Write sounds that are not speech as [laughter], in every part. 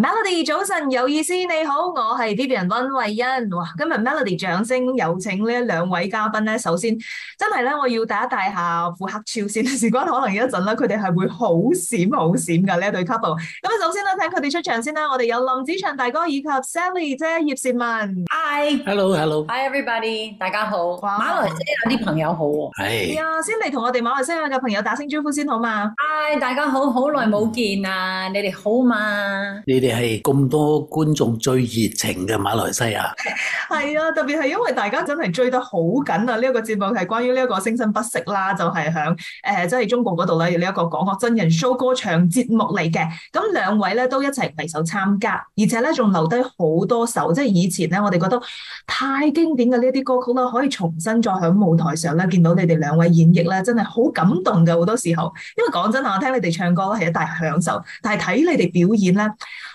Melody 早晨有意思，你好，我係 TVB 人溫慧欣。哇，今日 Melody 掌聲有請呢一兩位嘉賓咧。首先真係咧，我要打一大下，副黑超先。事關，可能有一陣咧，佢哋係會好閃好閃噶呢一對 couple。咁首先咧，睇佢哋出場先啦。我哋有林子祥大哥以及 Sally 姐葉倩文。Hi，Hello，Hello，Hi everybody，大家好。馬來西亞啲朋友好喎，係啊，先嚟同我哋馬來西亞嘅朋友打聲招呼先好嘛。Hi，大家好，好耐冇見啊，你哋好嘛？係咁多觀眾最熱情嘅馬來西亞，係啊！特別係因為大家真係追得好緊啊！呢、這、一個節目係關於呢一個《聲生不息》啦，就係響誒即係中國嗰度咧呢一個港樂真人 show 歌唱節目嚟嘅。咁兩位咧都一齊攜手參加，而且咧仲留低好多首，即係以前咧我哋覺得太經典嘅呢一啲歌曲啦，可以重新再響舞台上咧見到你哋兩位演繹咧，真係好感動嘅好多時候。因為講真，我聽你哋唱歌係一大享受，但係睇你哋表演咧。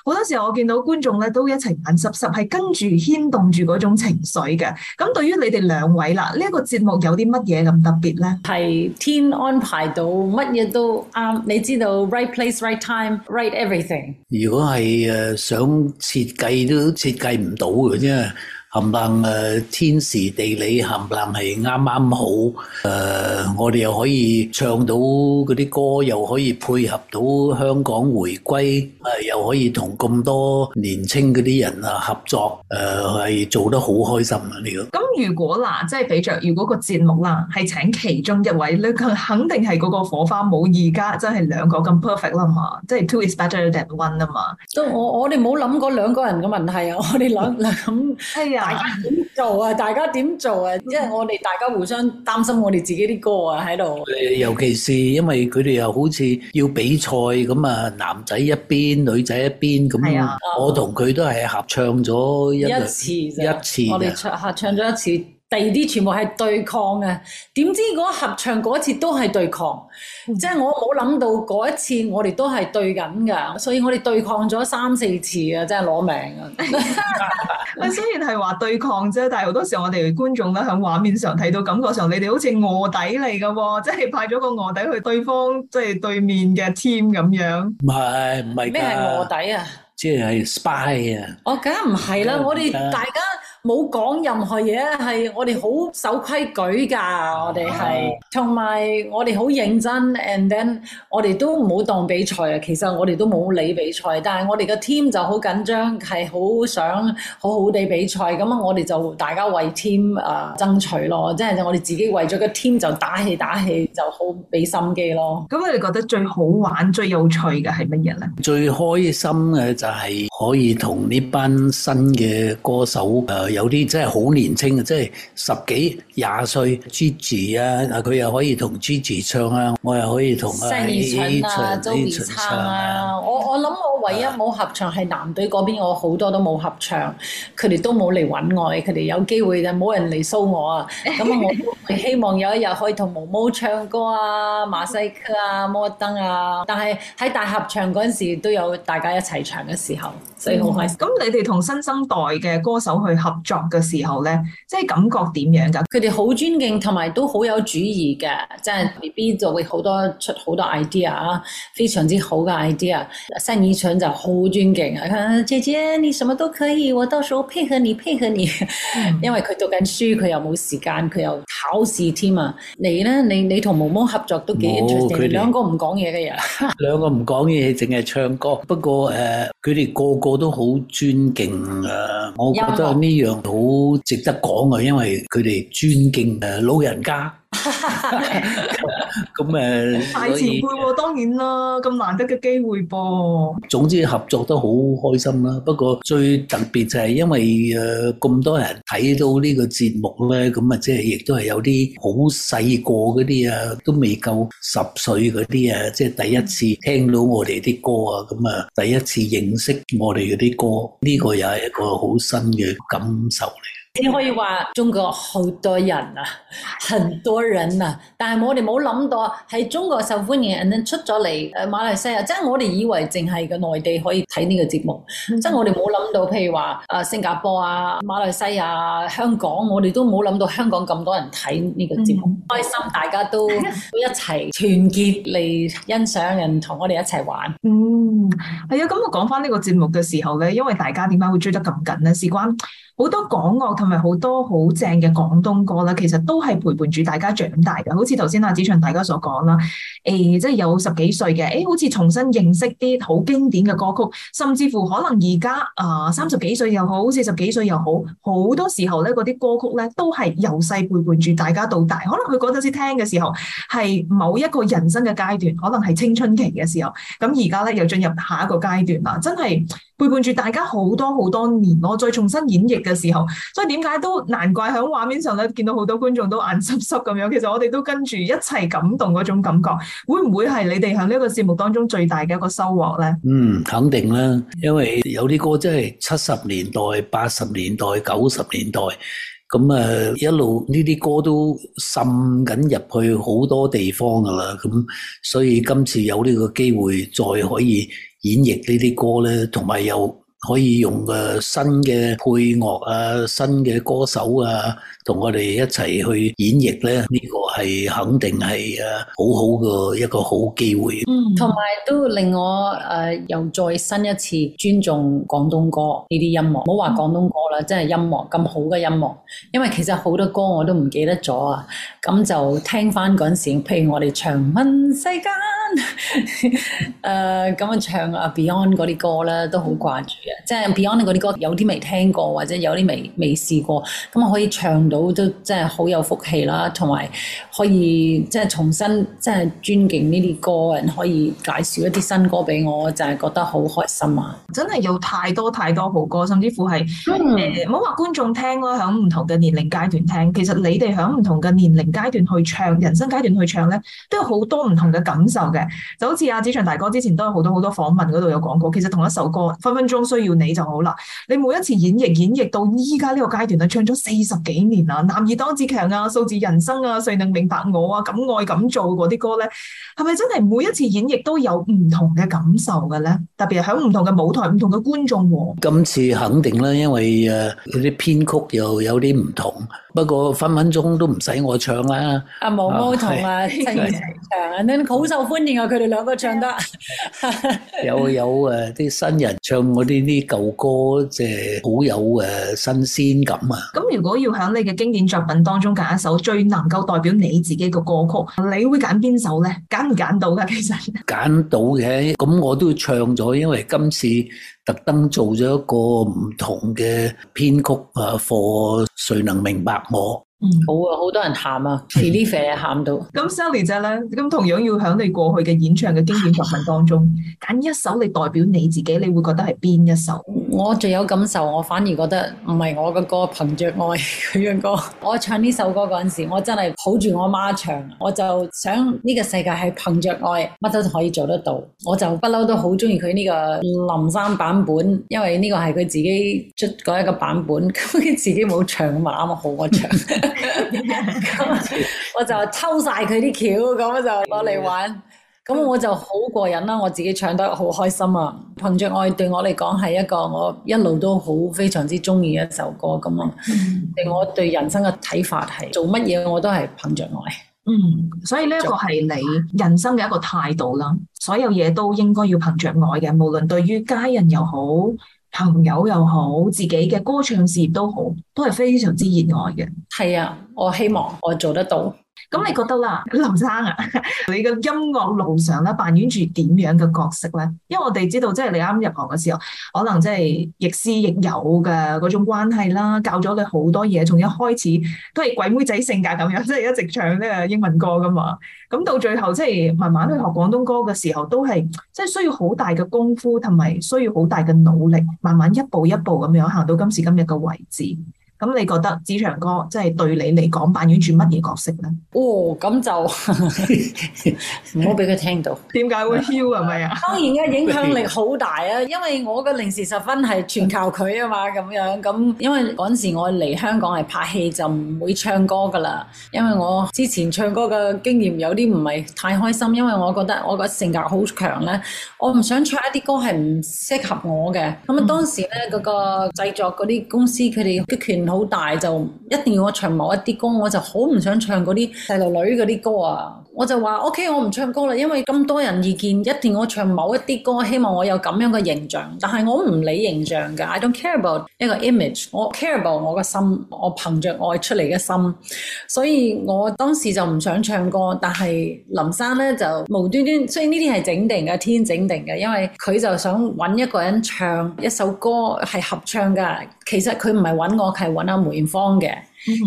好多時候我見到觀眾咧都一齊眼濕濕，係跟住牽動住嗰種情緒嘅。咁對於你哋兩位啦，呢一個節目有啲乜嘢咁特別咧？係天安排到乜嘢都啱，你知道 right place, right time, right everything。如果係誒想設計都設計唔到嘅啫。冚唪唥天時地利，冚唪唥係啱啱好，誒、呃，我哋又可以唱到嗰啲歌，又可以配合到香港回歸，誒、呃、又可以同咁多年青嗰啲人啊合作，誒、呃、係做得好開心啊！你講咁如果嗱，即係比着，如果個節目啦係請其中一位咧，肯定係嗰個火花冇而家真係兩個咁 perfect 啦嘛，即係 two is better than one 啊嘛。都我我哋冇諗過兩個人嘅問題啊，我哋兩咁係啊。 [laughs] [laughs] 大家點做啊？大家點做啊？因為我哋大家互相擔心我哋自己啲歌啊喺度。尤其是因為佢哋又好似要比賽咁啊，男仔一邊，女仔一邊咁。係啊。我同佢都係合唱咗一,一,一,一次，一次。我哋唱合唱咗一次。第二啲全部係對抗嘅，點知嗰合唱嗰次都係對抗，嗯、即係我冇諗到嗰一次我哋都係對緊㗎，所以我哋對抗咗三四次 [laughs] 啊，真係攞命啊！我雖然係話對抗啫，但係好多時候我哋觀眾咧喺畫面上睇到感覺上，你哋好似臥底嚟㗎喎，即係派咗個臥底去對方，即、就、係、是、對面嘅 team 咁樣。唔係唔係，咩係臥底啊？即係 spy 啊！Sp 啊哦，梗係唔係啦，啦我哋大家。冇講任何嘢，係我哋好守規矩㗎，我哋係同埋我哋好認真，and then 我哋都唔好當比賽啊，其實我哋都冇理比賽，但係我哋個 team 就好緊張，係好想好好地比賽，咁啊我哋就大家為 team 啊爭取咯，即係我哋自己為咗個 team 就打氣打氣，就好俾心機咯。咁你覺得最好玩、最有趣嘅係乜嘢呢？最開心嘅就係可以同呢班新嘅歌手誒～有啲真係好年輕啊！即係十幾廿歲 Gigi 啊，佢又可以同 Gigi 唱啊，我又可以同啊周以琛啊，我我諗我唯一冇合唱係男隊嗰邊，我好多都冇合唱，佢哋都冇嚟搵我，佢哋有機會就冇人嚟騷我啊！咁我希望有一日可以同毛毛唱歌啊，馬西克啊，摩登啊，但係喺大合唱嗰陣時都有大家一齊唱嘅時候，所以好開心。咁、嗯、你哋同新生代嘅歌手去合唱？作嘅時候咧，即係感覺點樣㗎？佢哋好尊敬，同埋都好有主意嘅，即係 B B 就會好多出好多 idea，啊，非常之好嘅 idea。生意長就好尊敬啊！姐姐你什麼都可以，我到時候配合你，配合你。 [laughs] 因為佢讀緊書，佢又冇時間，佢又考試添啊！你咧，你你同毛毛合作都幾 interesting 兩個唔講嘢嘅人， [laughs] 兩個唔講嘢，淨係唱歌。不過誒，佢哋個個都好尊敬啊，我覺得係呢樣。好值得講嘅，因為佢哋尊敬誒老人家。 [laughs] 咁誒，嗯、以大前輩喎、哦，當然啦、啊，咁難得嘅機會噃。總之合作得好開心啦、啊，不過最特別就係因為誒咁、呃、多人睇到呢個節目咧，咁啊，即係亦都係有啲好細個嗰啲啊，都未夠十歲嗰啲啊，即、就、係、是、第一次聽到我哋啲歌啊，咁啊、嗯，第一次認識我哋嗰啲歌，呢、這個又係一個好新嘅感受嚟。你可以話中國好多人啊，很多人啊，但係我哋冇諗到喺中國受歡迎，人出咗嚟，誒，馬來西亞，即係我哋以為淨係個內地可以睇呢個節目，即係、嗯、我哋冇諗到，譬如話誒新加坡啊、馬來西亞、香港，我哋都冇諗到香港咁多人睇呢個節目，開心、嗯，大家都都一齊團結嚟欣賞人，同我哋一齊玩。嗯，係、哎、啊，咁我講翻呢個節目嘅時候咧，因為大家點解會追得咁緊呢？事關好多港澳同係咪好多好正嘅廣東歌咧？其實都係陪伴住大家長大嘅。好似頭先阿子祥大家所講啦，誒，即係有十幾歲嘅，誒，好似重新認識啲好經典嘅歌曲，甚至乎可能而家啊三十幾歲又好，四十幾歲又好，好多時候咧，嗰啲歌曲咧都係由細陪伴住大家到大。可能佢嗰陣時聽嘅時候係某一個人生嘅階段，可能係青春期嘅時候。咁而家咧又進入下一個階段啦，真係。陪伴住大家好多好多年，我再重新演繹嘅時候，所以點解都難怪響畫面上咧見到好多觀眾都眼濕濕咁樣。其實我哋都跟住一齊感動嗰種感覺，會唔會係你哋響呢個節目當中最大嘅一個收穫咧？嗯，肯定啦，因為有啲歌真係七十年代、八十年代、九十年代。咁啊、嗯，一路呢啲歌都滲緊入去好多地方㗎喇，咁、嗯、所以今次有呢個機會再可以演繹呢啲歌咧，同埋有，可以用嘅新嘅配樂啊，新嘅歌手啊，同我哋一齊去演繹咧，呢個係肯定係啊，好好嘅一個好機會。嗯，同埋都令我誒又再新一次尊重廣東歌呢啲音樂，唔好話廣東歌啦，真係音樂咁好嘅音樂。因為其實好多歌我都唔記得咗啊，咁就聽翻嗰陣時，譬如我哋唱問世界。誒，咁啊、 [laughs] 呃、唱阿 Beyond 嗰啲歌咧，都好掛住嘅。即係 Beyond 嗰啲歌，有啲未聽過，或者有啲未未試過。咁啊，可以唱到都真係好有福氣啦。同埋可以即係重新，即係尊敬呢啲歌人，可以介紹一啲新歌俾我，就係、是、覺得好開心啊！真係有太多太多好歌，甚至乎係唔好話觀眾聽咯，響唔同嘅年齡階段聽，其實你哋響唔同嘅年齡階段去唱，人生階段去唱咧，都有好多唔同嘅感受。就好似阿子祥大哥之前都有好多好多訪問嗰度有講過，其實同一首歌分分鐘需要你就好啦。你每一次演繹演繹到依家呢個階段啊，唱咗四十幾年啊，男兒當自強啊，《數字人生》啊，《誰能明白我》啊，《敢愛敢做》嗰啲歌咧，係咪真係每一次演繹都有唔同嘅感受嘅咧？特別係響唔同嘅舞台、唔同嘅觀眾喎、啊，今次肯定啦，因為誒啲編曲又有啲唔同，不過分分鐘都唔使我唱啦。阿毛毛同阿子祥好受歡。嗯嗯 [laughs] 然後佢哋兩個唱得有有誒，啲新人唱我啲啲舊歌，即係好有誒新鮮感啊！咁如果要喺你嘅經典作品當中揀一首最能夠代表你自己嘅歌曲，你會揀邊首咧？揀唔揀到噶？其實揀到嘅，咁我都唱咗，因為今次特登做咗一個唔同嘅編曲啊，課誰能明白我？嗯，好啊，好多人喊啊，肥肥啊喊到。咁 Sally 姐咧，咁同樣要響你過去嘅演唱嘅經典作品當中，揀一首你代表你自己，你會覺得係邊一首？我最有感受，我反而覺得唔係我嘅歌，憑着愛佢樣歌。 [laughs] 我唱呢首歌嗰陣時，我真係抱住我阿媽唱，我就想呢個世界係憑着愛，乜都可以做得到。我就不嬲都好中意佢呢個林生版本，因為呢個係佢自己出嗰一個版本，佢自己冇唱嘛，嘛好我唱。 [laughs] [laughs] [laughs] [laughs] [laughs] 我就抽晒佢啲橋，咁我就攞嚟玩。咁我就好過癮啦，我自己唱得好開心啊！憑着愛對我嚟講係一個我一路都好非常之中意嘅一首歌咁啊。對我對人生嘅睇法係做乜嘢我都係憑着愛。嗯，所以呢個係你人生嘅一個態度啦。所有嘢都應該要憑着愛嘅，無論對於家人又好。朋友又好，自己嘅歌唱事業都好，都係非常之熱愛嘅。係啊，我希望我做得到。咁你覺得啦，林生啊，你嘅音樂路上咧扮演住點樣嘅角色咧？因為我哋知道，即係你啱入行嘅時候，可能即係亦師亦友嘅嗰種關係啦，教咗你好多嘢。從一開始都係鬼妹仔性格咁樣，即係一直唱呢個英文歌噶嘛。咁到最後即係慢慢去學廣東歌嘅時候，都係即係需要好大嘅功夫，同埋需要好大嘅努力，慢慢一步一步咁樣行到今時今日嘅位置。咁你覺得子祥哥即係對你嚟講，扮演住乜嘢角色咧？哦，咁就唔好俾佢聽到。點解 [laughs] 會笑？係咪啊？當然啦，影響力好大啊！因為我嘅零時十分係全靠佢啊嘛，咁樣咁。因為嗰陣時我嚟香港係拍戲，就唔會唱歌噶啦。因為我之前唱歌嘅經驗有啲唔係太開心，因為我覺得我個性格好強咧，我唔想唱一啲歌係唔適合我嘅。咁啊，當時咧嗰、嗯、個製作嗰啲公司，佢哋嘅權好大就一定要我唱某一啲歌，我就好唔想唱啲細路女啲歌啊！我就話 OK，我唔唱歌啦，因為咁多人意見，一定要我唱某一啲歌，希望我有咁樣嘅形象。但係我唔理形象嘅，I don't care about 一個 image，我 care about 我嘅心，我憑着愛出嚟嘅心。所以我當時就唔想唱歌。但係林生咧就無端端，雖然呢啲係整定嘅，天整定嘅，因為佢就想揾一個人唱一首歌係合唱嘅。其實佢唔係揾我，係。揾阿梅艷芳嘅，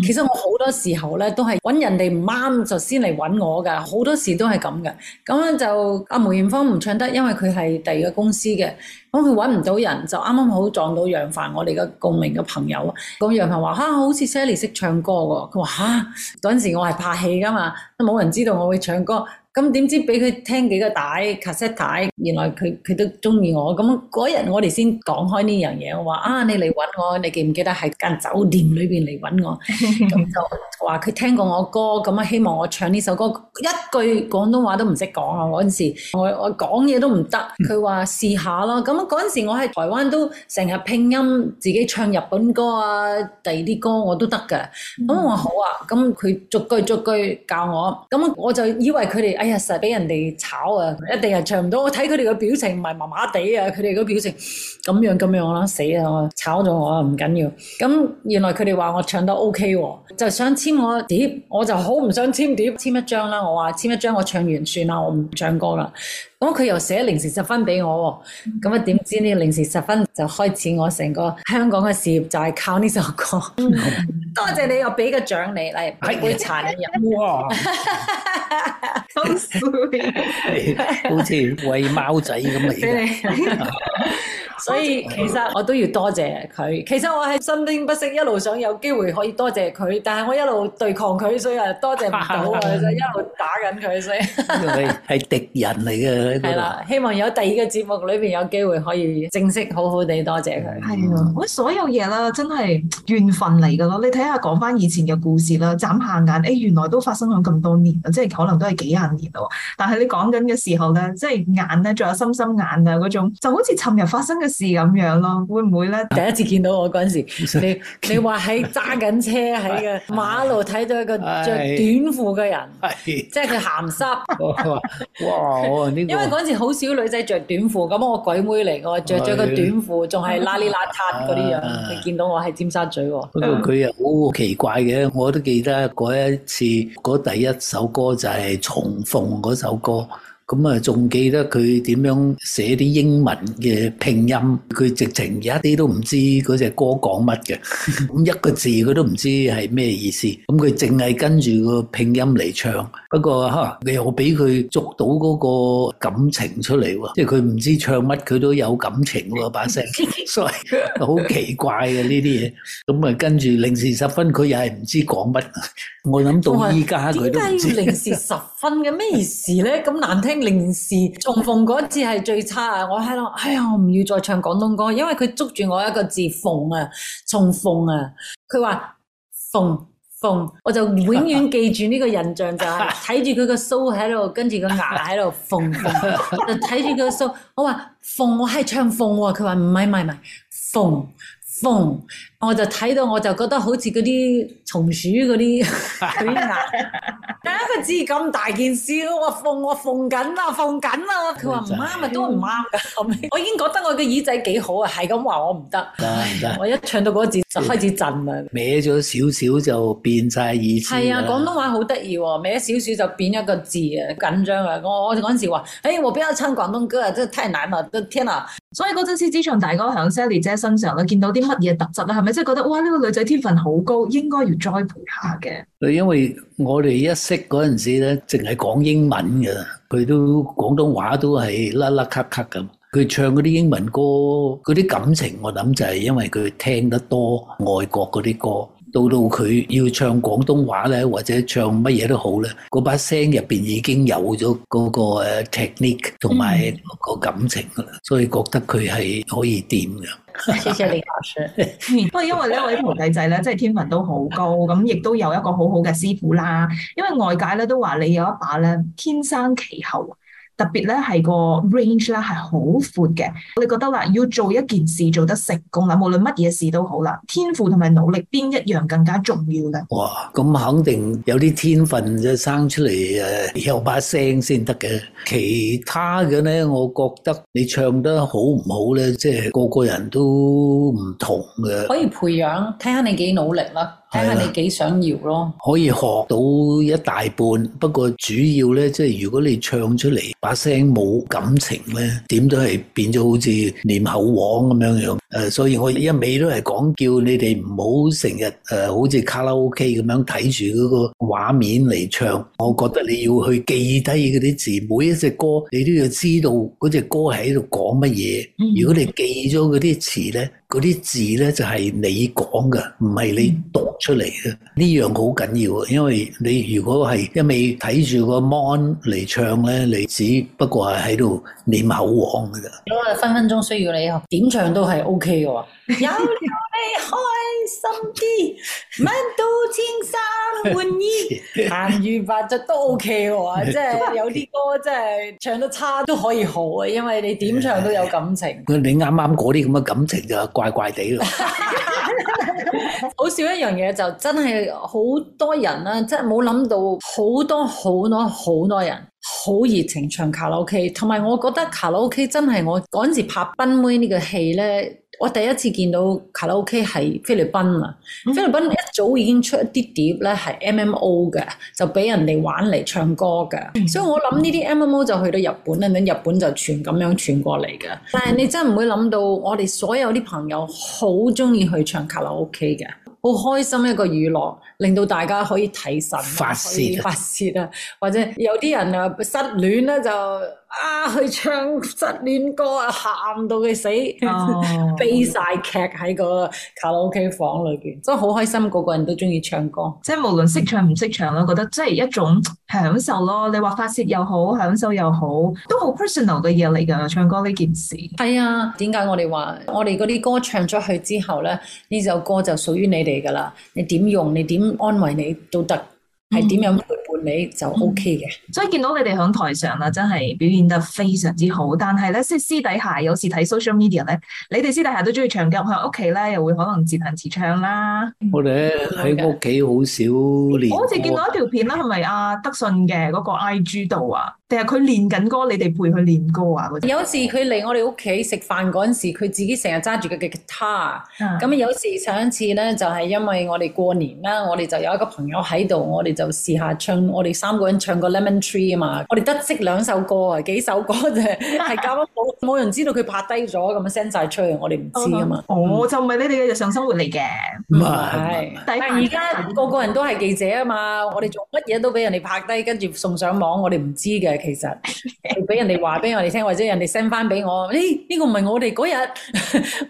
其實我好多時候咧都係揾人哋唔啱，就先嚟揾我噶好多時都係咁嘅。咁樣就阿梅艷芳唔唱得，因為佢係第二個公司嘅，咁佢揾唔到人，就啱啱好撞到楊凡，我哋嘅共鳴嘅朋友。咁楊凡話：吓、啊，好似 Sally 識唱歌噶。佢話吓，嗰、啊、陣時我係拍戲噶嘛，都冇人知道我會唱歌。咁點知俾佢聽幾個帶 cassette 原來佢佢都中意我，咁嗰日我哋先講開呢樣嘢，我話啊，你嚟揾我，你記唔記得喺間酒店裏邊嚟揾我？咁 [laughs] 就話佢聽過我歌，咁啊希望我唱呢首歌，一句廣東話都唔識講啊！嗰陣時我我講嘢都唔得，佢話試下啦。咁嗰陣時我喺台灣都成日拼音自己唱日本歌啊，第二啲歌我都得嘅。咁我話好啊，咁佢逐句逐句教我，咁我就以為佢哋哎呀實係俾人哋炒啊，一定係唱唔到。我睇。佢哋嘅表情唔係麻麻地啊！佢哋嘅表情咁樣咁樣啦，死啊！我炒咗我啊，唔緊要。咁原來佢哋話我唱得 OK 喎，就想簽我碟，我就好唔想簽碟，簽一張啦。我話簽一張，我唱完算啦，我唔唱歌啦。咁佢又寫零時十分俾我，哦，咁啊點知呢？零時十分就開始我成個香港嘅事業，就係靠呢首歌。 [laughs] 多謝你又俾個獎你嚟杯茶飲，哇！好衰，好似喂貓仔咁嚟嘅。 [laughs] 所以其實我都要多謝佢。其實我係心驚不息，一路想有機會可以多謝佢，但係我一路對抗佢，所以啊多謝唔到，就一路打緊佢先。係 [laughs] 敵人嚟嘅。係啦的， [laughs] 希望有第二個節目裏邊有機會可以正式好好地多謝佢。係啊，我所有嘢啦，真係緣分嚟㗎咯。你睇下講翻以前嘅故事啦，眨下眼，誒、哎、原來都發生咗咁多年啊，即係可能都係幾廿年啦。但係你講緊嘅時候咧，即係眼咧，仲有深深眼啊嗰種，就好似尋日發生嘅。事咁樣咯，會唔會咧？第一次見到我嗰陣時，你你話喺揸緊車喺個 [laughs] 馬路睇到一個着短褲嘅人，即係佢鹹濕。哇！我呢因為嗰陣時好少女仔着短褲，咁我鬼妹嚟，我着咗個短褲仲係邋裏邋遢嗰啲樣， [laughs] [laughs] 你見到我喺尖沙咀。不過佢又好奇怪嘅，我都記得嗰一次，嗰第一首歌就係、是《重逢》嗰首歌。咁啊，仲記得佢點樣寫啲英文嘅拼音？佢直情一啲都唔知嗰隻歌講乜嘅，咁一個字佢都唔知係咩意思。咁佢淨係跟住個拼音嚟唱。不過嚇，你又俾佢捉到嗰個感情出嚟喎，即係佢唔知唱乜，佢都有感情喎，把聲，所以好奇怪嘅呢啲嘢。咁啊，跟住零時十分，佢又係唔知講乜。我諗到依家佢都唔知零時十分嘅咩意思咧？咁難聽。零時重逢嗰次係最差啊！我喺度，哎呀，我唔要再唱廣東歌，因為佢捉住我一個字逢啊，重逢啊，佢話逢逢，我就永遠記住呢個印象，就係睇住佢個鬚喺度，跟住個牙喺度逢逢，就睇住佢個鬚。我話逢，我係唱逢喎、啊，佢話唔係唔係唔係逢。縫，我就睇到我就覺得好似嗰啲松鼠嗰啲嗰啲牙，第一個字咁大件事，啊，我縫我縫緊啊，「縫緊啊，佢話唔啱咪都唔啱㗎，後 [laughs] 尾我已經覺得我嘅耳仔幾好啊，係咁話我唔得，我一唱到嗰個字就開始震啊，歪咗少少就變晒意思。係啊，廣東話好得意喎，歪少少就變一個字啊，緊張啊！我我嗰陣時話，哎，我不要唱廣東歌，啊？真係太難啦，都天啦，啊！所以嗰陣時，只唱大哥響 Sally 姐身上咧，見到啲乜嘢特質啦，係咪即係覺得哇，呢個女仔天分好高，應該要栽培下嘅？佢因為我哋一識嗰陣時咧，淨係講英文嘅，佢都廣東話都係甩甩咳咳咁。佢唱嗰啲英文歌，嗰啲感情，我諗就係因為佢聽得多外國嗰啲歌。到到佢要唱廣東話咧，或者唱乜嘢都好咧，嗰把聲入邊已經有咗嗰個 technique 同埋個感情噶啦，嗯、所以覺得佢係可以掂嘅。多謝李老師，不過 [laughs] [laughs] 因為呢位徒弟仔咧，真係天分都好高，咁亦都有一個好好嘅師傅啦。因為外界咧都話你有一把咧天生其後。特別咧係個 range 啦，係好闊嘅。你哋覺得啦，要做一件事做得成功啦，無論乜嘢事都好啦，天賦同埋努力邊一樣更加重要㗎？哇！咁肯定有啲天分就生出嚟誒，有把聲先得嘅。其他嘅咧，我覺得你唱得好唔好咧，即係個個人都唔同嘅。可以培養，睇下你幾努力啦。睇下你幾想要咯，可以學到一大半，不過主要呢，即如果你唱出嚟把聲冇感情咧，點都係變咗好似唸口簧咁樣樣。誒，所以我一味都係講叫你哋唔好成日誒，好似卡拉 OK 咁樣睇住嗰個畫面嚟唱。我覺得你要去記低嗰啲字，每一隻歌你都要知道嗰隻歌喺度講乜嘢。如果你記咗嗰啲詞咧，嗰啲字咧就係你講嘅，唔係你讀出嚟嘅。呢樣好緊要啊，因為你如果係一味睇住個 mon 嚟唱咧，你只不過係喺度念口簧噶咋。咁分分鐘需要你點唱都係 O K 喎，有你 [laughs] 開心啲，乜都千生滿意，鹹魚白粥都 O K 喎， [laughs] 即係有啲歌真係唱得差都可以好啊，因為你點唱都有感情。你啱啱嗰啲咁嘅感情就怪怪地咯。好笑一樣嘢就真係好，好多人啦，真係冇諗到好多好多好多人好熱情唱卡拉 O K，同埋我覺得卡拉 O、OK、K 真係我嗰陣時拍《賓妹》這個、戲呢個戲咧。我第一次見到卡拉 OK 係菲律賓啊，嗯、菲律賓一早已經出一啲碟咧係 M M O 嘅，就俾人哋玩嚟唱歌嘅，嗯、所以我諗呢啲 M M O 就去到日本啦，咁日本就傳咁樣傳過嚟嘅。但係你真係唔會諗到，我哋所有啲朋友好鍾意去唱卡拉 OK 嘅，好開心一個娛樂。令到大家可以提神，發泄、啊、發泄啊！或者有啲人啊失戀咧、啊，就啊去唱失戀歌啊，喊到佢死，哦、 [laughs] 悲曬劇喺個卡拉 OK 房裏邊，真係好開心。個個人都中意唱歌，即係無論識唱唔識唱咯，是覺得真係一種享受咯。你話發泄又好，享受又好，都好 personal 嘅嘢嚟㗎。唱歌呢件事係啊，點解我哋話我哋嗰啲歌唱出去之後咧，呢首歌就屬於你哋㗎啦。你點用？你點？你安慰你都得，係點樣陪伴你、嗯、就 O K 嘅。所以見到你哋響台上啊，真係表現得非常之好。但係咧，即係私底下，有時睇 social media 咧，你哋私底下都中意長頸，喺屋企咧又會可能自彈自唱啦。我哋喺屋企好少練。我好似見到一條片啦，係咪阿德信嘅嗰個 I G 度啊？定係佢練緊歌，你哋陪佢練歌啊！有時佢嚟我哋屋企食飯嗰陣時，佢自己成日揸住佢嘅吉他。咁、 [laughs] 嗯、有時上一次咧，就係、是、因為我哋過年啦，我哋就有一個朋友喺度，我哋就試下唱，我哋三個人唱個 Lemon Tree 啊嘛。我哋得識兩首歌啊，幾首歌就係咁啊，冇冇 [laughs] 人知道佢拍低咗咁樣 send 晒出去，我哋唔知啊嘛、， [laughs] 哦哦、嘛。我就唔係你哋嘅日常生活嚟嘅，唔係。但係而家個個人都係記者啊嘛，我哋做乜嘢都俾人哋拍低，跟住送上網，我哋唔知嘅。其實俾人哋話俾我哋聽，或者人哋 send 翻俾我，呢呢個唔係我哋嗰日，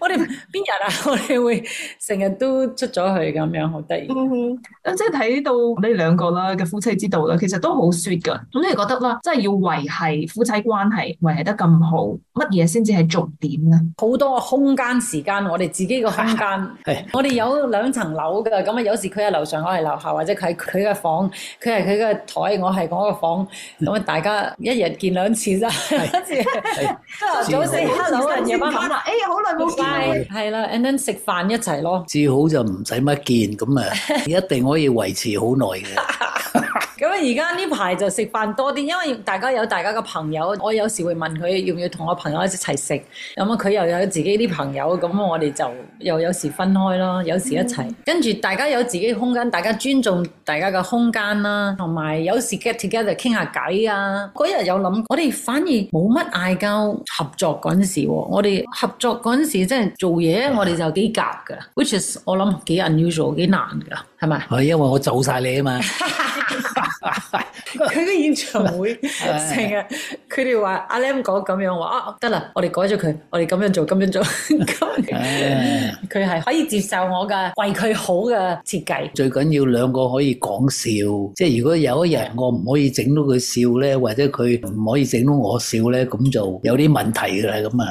我哋邊日啊？我哋會成日都出咗去咁樣，好得意，咁即係睇到呢兩個啦嘅夫妻之道啦，其實都好 sweet 噶。咁你哋覺得啦，即係要維繫夫妻關係，維繫得咁好，乜嘢先至係重點咧？好多空間時間，我哋自己個空間，我哋有兩層樓噶，咁啊有時佢喺樓上，我喺樓下，或者佢喺佢嘅房，佢係佢嘅台，我係我嘅房，咁啊大家。一日見兩次咋，跟住朝早先 hello 啊，夜晚翻啦，哎，好耐冇見，係啦，and then 食飯一齊咯，至好就唔使乜見，咁啊，一定可以維持好耐嘅。咁而家呢排就食飯多啲，因為大家有大家嘅朋友，我有時會問佢要唔要同我朋友一齊食。咁、嗯、啊，佢又有自己啲朋友，咁我哋就又有時分開啦，有時一齊。嗯、跟住大家有自己空間，大家尊重大家嘅空間啦。同埋有，有時 get together 傾下偈啊。嗰日有諗，我哋反而冇乜嗌交，合作嗰陣時，我哋合作嗰陣時真係做嘢，我哋就幾夾㗎。嗯、which is 我諗幾 unusual 幾難㗎，係咪？係因為我做晒你啊嘛。 [laughs] 佢個演唱會成日，佢哋話阿 lem 講咁樣話，啊得啦，我哋改咗佢，我哋咁樣做，咁樣做，佢係可以接受我嘅，為佢好嘅設計。最緊要兩個可以講笑，即係如果有一日我唔可以整到佢笑咧，或者佢唔可以整到我笑咧，咁就有啲問題噶啦咁啊。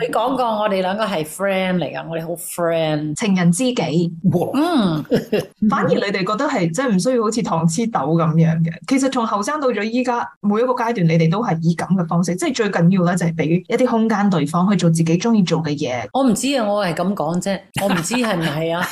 你講過我哋兩個係 friend 嚟噶，我哋好 friend，情人知己。嗯，反而你哋覺得係真係唔需要好似。 [music] 糖黐豆咁樣嘅，其實從後生到咗依家每一個階段，你哋都係以咁嘅方式，即係最緊要咧就係俾一啲空間對方去做自己中意做嘅嘢。我唔知是是啊， [laughs] 我係咁講啫，就 OK、就 [laughs] 我唔知係唔係啊。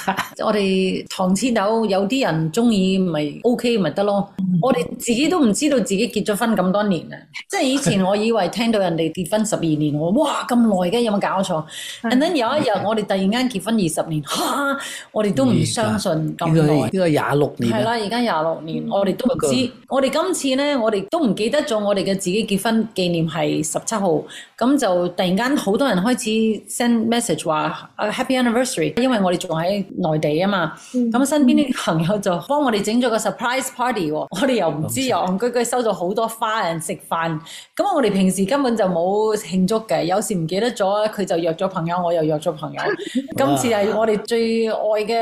我哋糖黐豆有啲人中意，咪 O K 咪得咯。我哋自己都唔知道自己結咗婚咁多年啊。即係以前我以為聽到人哋結婚十二年，我哇咁耐而家有冇搞錯？等等有一日我哋突然間結婚二十年，吓，我哋都唔相信咁耐。呢個廿六年。係啦，而家又。六年，我哋都唔知。我哋今次呢，我哋都唔記得咗我哋嘅自己結婚紀念係十七號，咁就突然間好多人開始 send message 話 happy anniversary，因為我哋仲喺內地啊嘛。咁身邊啲朋友就幫我哋整咗個 surprise party，我哋又唔知又戇居居收咗好多花人食飯，咁我哋平時根本就冇慶祝嘅，有時唔記得咗佢就約咗朋友，我又約咗朋友。今次係我哋最愛嘅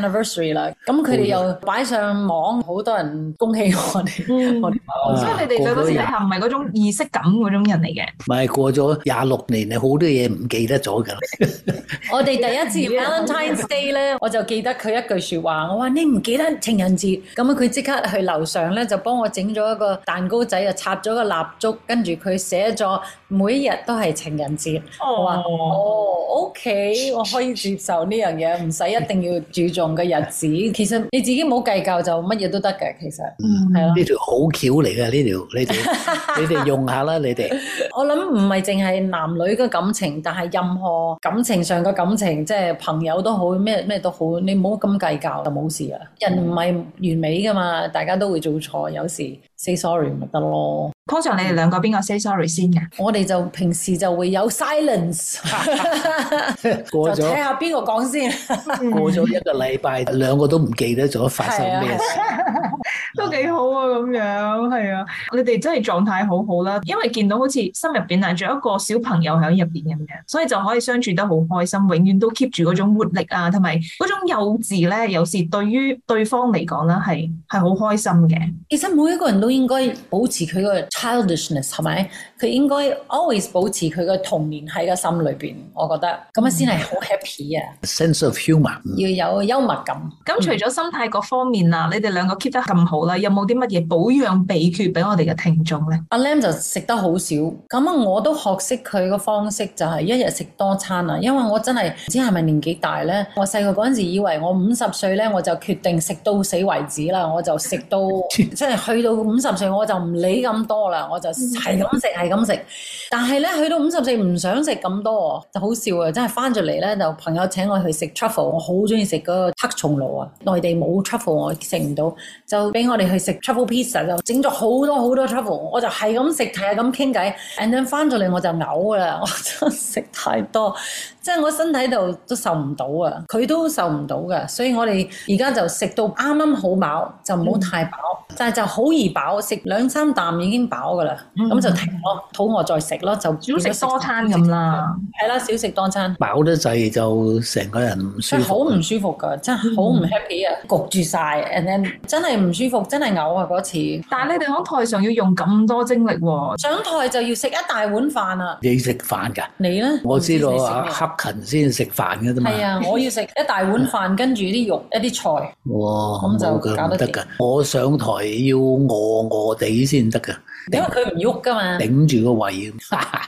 anniversary 啦。咁佢哋又擺上。網好多人恭喜我哋，嗯、我哋，所以、啊、你哋對嗰時係唔係嗰種儀式感嗰種人嚟嘅？唔係過咗廿六年，你好多嘢唔記得咗㗎。我哋第一次 [laughs] Valentine's Day 咧，我就記得佢一句說話，我話你唔記得情人節，咁佢即刻去樓上咧就幫我整咗一個蛋糕仔，又插咗個蠟燭，跟住佢寫咗每一日都係情人節。我話、oh. 哦，O、okay, K，我可以接受呢樣嘢，唔使一定要注重嘅日子。其實你自己冇計較。就乜嘢都得嘅，其實係咯，呢條好橋嚟嘅，呢條，你哋 [laughs] 你哋用下啦，你哋。 [laughs] 我諗唔係淨係男女嘅感情，但係任何感情上嘅感情，即係朋友都好，咩咩都好，你唔好咁計較就冇事啦。嗯、人唔係完美噶嘛，大家都會做錯，有時 say sorry 咪得咯。通常你哋兩個邊個 say sorry 先嘅？我哋就平時就會有 silence，就睇下邊個講先。過咗一個禮拜，兩個都唔記得咗發生咩事。都幾好啊，咁樣係啊，你哋真係狀態好好啦，因為見到好似心入邊啊，仲有一個小朋友喺入邊咁嘅，所以就可以相處得好開心，永遠都 keep 住嗰種活力啊，同埋嗰種幼稚咧，有時對於對方嚟講咧，係係好開心嘅。其實每一個人都應該保持佢個 childishness，係咪？佢應該 always 保持佢個童年喺個心裏邊，我覺得咁啊先係好 happy 啊。Sense of humor，要有幽默感。咁、嗯、除咗心態各方面啊，你哋兩個 keep 得咁，好啦，有冇啲乜嘢保養秘訣俾我哋嘅聽眾咧？阿 Lam 就食得好少，咁啊我都學識佢個方式，就係一日食多餐啦。因為我真係唔知係咪年紀大咧，我細個嗰陣時以為我五十歲咧，我就決定食到死為止啦，我就食到即係 [laughs] 去到五十歲我就唔理咁多啦，我就係咁食係咁食。但係咧，去到五十歲唔想食咁多，就好笑啊！真係翻咗嚟咧，就朋友請我去食 truffle，我好中意食嗰個黑松露啊，內地冇 truffle 我食唔到，就。我哋去食 truffle pizza 就整咗好多好多 truffle，我就係咁食，係咁傾偈，and then 翻到嚟我就嘔啦，我真係食太多。即係我身體度都受唔到啊，佢都受唔到嘅，所以我哋而家就食到啱啱好飽，就唔好太飽，嗯、但係就好易飽，食兩三啖已經飽嘅啦，咁就停咯，肚餓再食咯，就少食多餐咁啦，係啦，少食多餐。飽得滯就成個人，佢好唔舒服㗎，真係好唔 happy 啊，嗯、焗住晒，and then 真係唔舒服，真係嘔啊嗰次。但係你哋喺台上要用咁多精力喎、啊，上台就要食一大碗飯啊。你食飯㗎？你咧呢？我知道勤先食飯嘅啫嘛，係啊！我要食一大碗飯，跟住啲肉一啲菜。哇，咁就得噶。我上台要餓餓地先得噶，因為佢唔喐噶嘛，頂住個胃。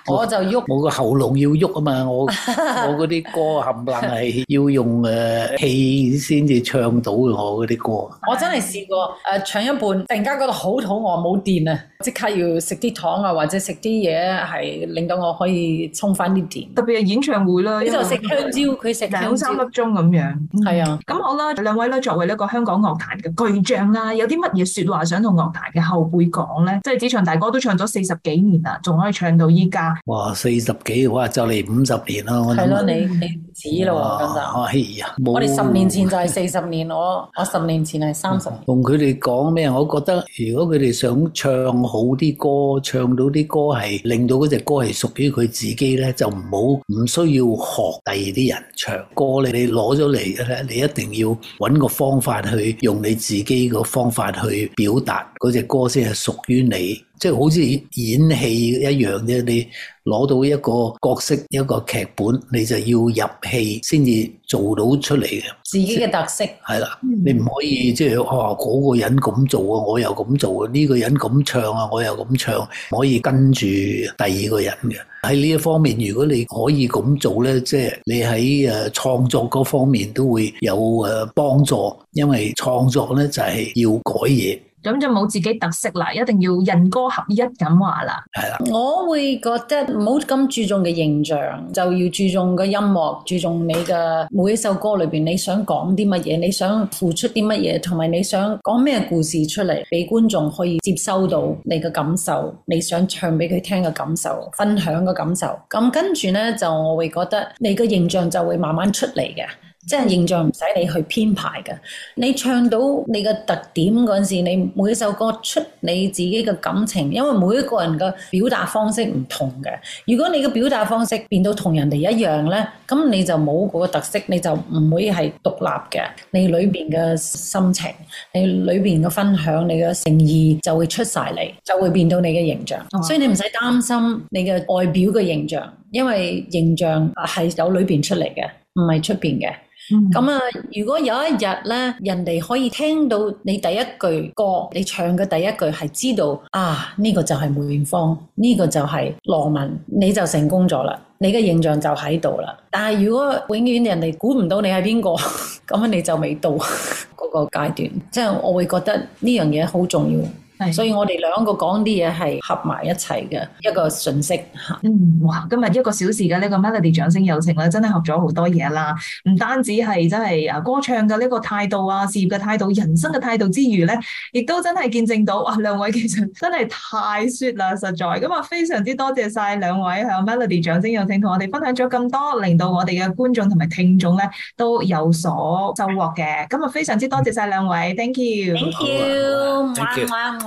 我就喐，我個喉嚨要喐啊嘛，我我嗰啲歌冚唪唥係要用誒氣先至唱到我嗰啲歌。我真係試過誒，唱一半突然間覺得好肚餓，冇電啊！即刻要食啲糖啊，或者食啲嘢係令到我可以充翻啲電。特別係演唱會咯。就食香蕉，佢食兩三粒鐘咁樣。係啊的，咁好啦，兩位咧，作為一個香港樂壇嘅巨匠啦，有啲乜嘢說話想同樂壇嘅後輩講咧？即係子祥大哥都唱咗四十幾年啦，仲可以唱到依家。哇，四十幾哇，就嚟五十年啦。係咯，你。啊哎、我哋十年前就係四十年。 [laughs] 我我十年前係三十年。同佢哋講咩？我覺得如果佢哋想唱好啲歌，唱到啲歌係令到嗰隻歌係屬於佢自己呢，就唔好，唔需要學第二啲人唱歌。你你攞咗嚟嘅咧，你一定要揾個方法去用你自己個方法去表達嗰隻歌先係屬於你。即係好似演戲一樣啫，你攞到一個角色一個劇本，你就要入戲先至做到出嚟嘅。自己嘅特色係啦，你唔可以即係啊嗰個人咁做啊，我又咁做，呢個人咁唱啊，我又咁唱，可以跟住第二個人嘅。喺呢一方面，如果你可以咁做咧，即係你喺誒創作嗰方面都會有誒幫助，因為創作咧就係要改嘢。咁就冇自己特色啦，一定要人歌合一咁話啦。係啦，我會覺得冇咁注重嘅形象，就要注重個音樂，注重你嘅每一首歌裏邊你想講啲乜嘢，你想付出啲乜嘢，同埋你想講咩故事出嚟，俾觀眾可以接收到你嘅感受，你想唱俾佢聽嘅感受，分享嘅感受。咁跟住呢，就我會覺得你嘅形象就會慢慢出嚟嘅。即係形象唔使你去編排嘅，你唱到你嘅特點嗰陣時，你每一首歌出你自己嘅感情，因為每一個人嘅表達方式唔同嘅。如果你嘅表達方式變到同人哋一樣咧，咁你就冇嗰個特色，你就唔會係獨立嘅。你裏邊嘅心情，你裏邊嘅分享，你嘅誠意就會出晒嚟，就會變到你嘅形象。哦。所以你唔使擔心你嘅外表嘅形象，因為形象係由裏邊出嚟嘅，唔係出邊嘅。咁、嗯、啊！如果有一日咧，人哋可以聽到你第一句歌，你唱嘅第一句係知道啊，呢、這個就係梅艷芳，呢、這個就係羅文，你就成功咗啦，你嘅形象就喺度啦。但係如果永遠人哋估唔到你係邊個，咁 [laughs] 樣你就未到嗰 [laughs] 個階段，即係我會覺得呢樣嘢好重要。 [noise] 所以我哋兩個講啲嘢係合埋一齊嘅一個信息。嗯，哇！今日一個小時嘅呢個 Melody 掌聲有請咧，真係學咗好多嘢啦。唔單止係真係啊歌唱嘅呢個態度啊，事業嘅態度、人生嘅態度之餘咧，亦都真係見證到啊兩位其實真係太雪啦，實在咁啊！非常之多謝晒兩位喺 Melody 掌聲有請同我哋分享咗咁多，令到我哋嘅觀眾同埋聽眾咧都有所收穫嘅。咁 Thank you. 啊，非常之多謝晒兩位，Thank you，Thank you，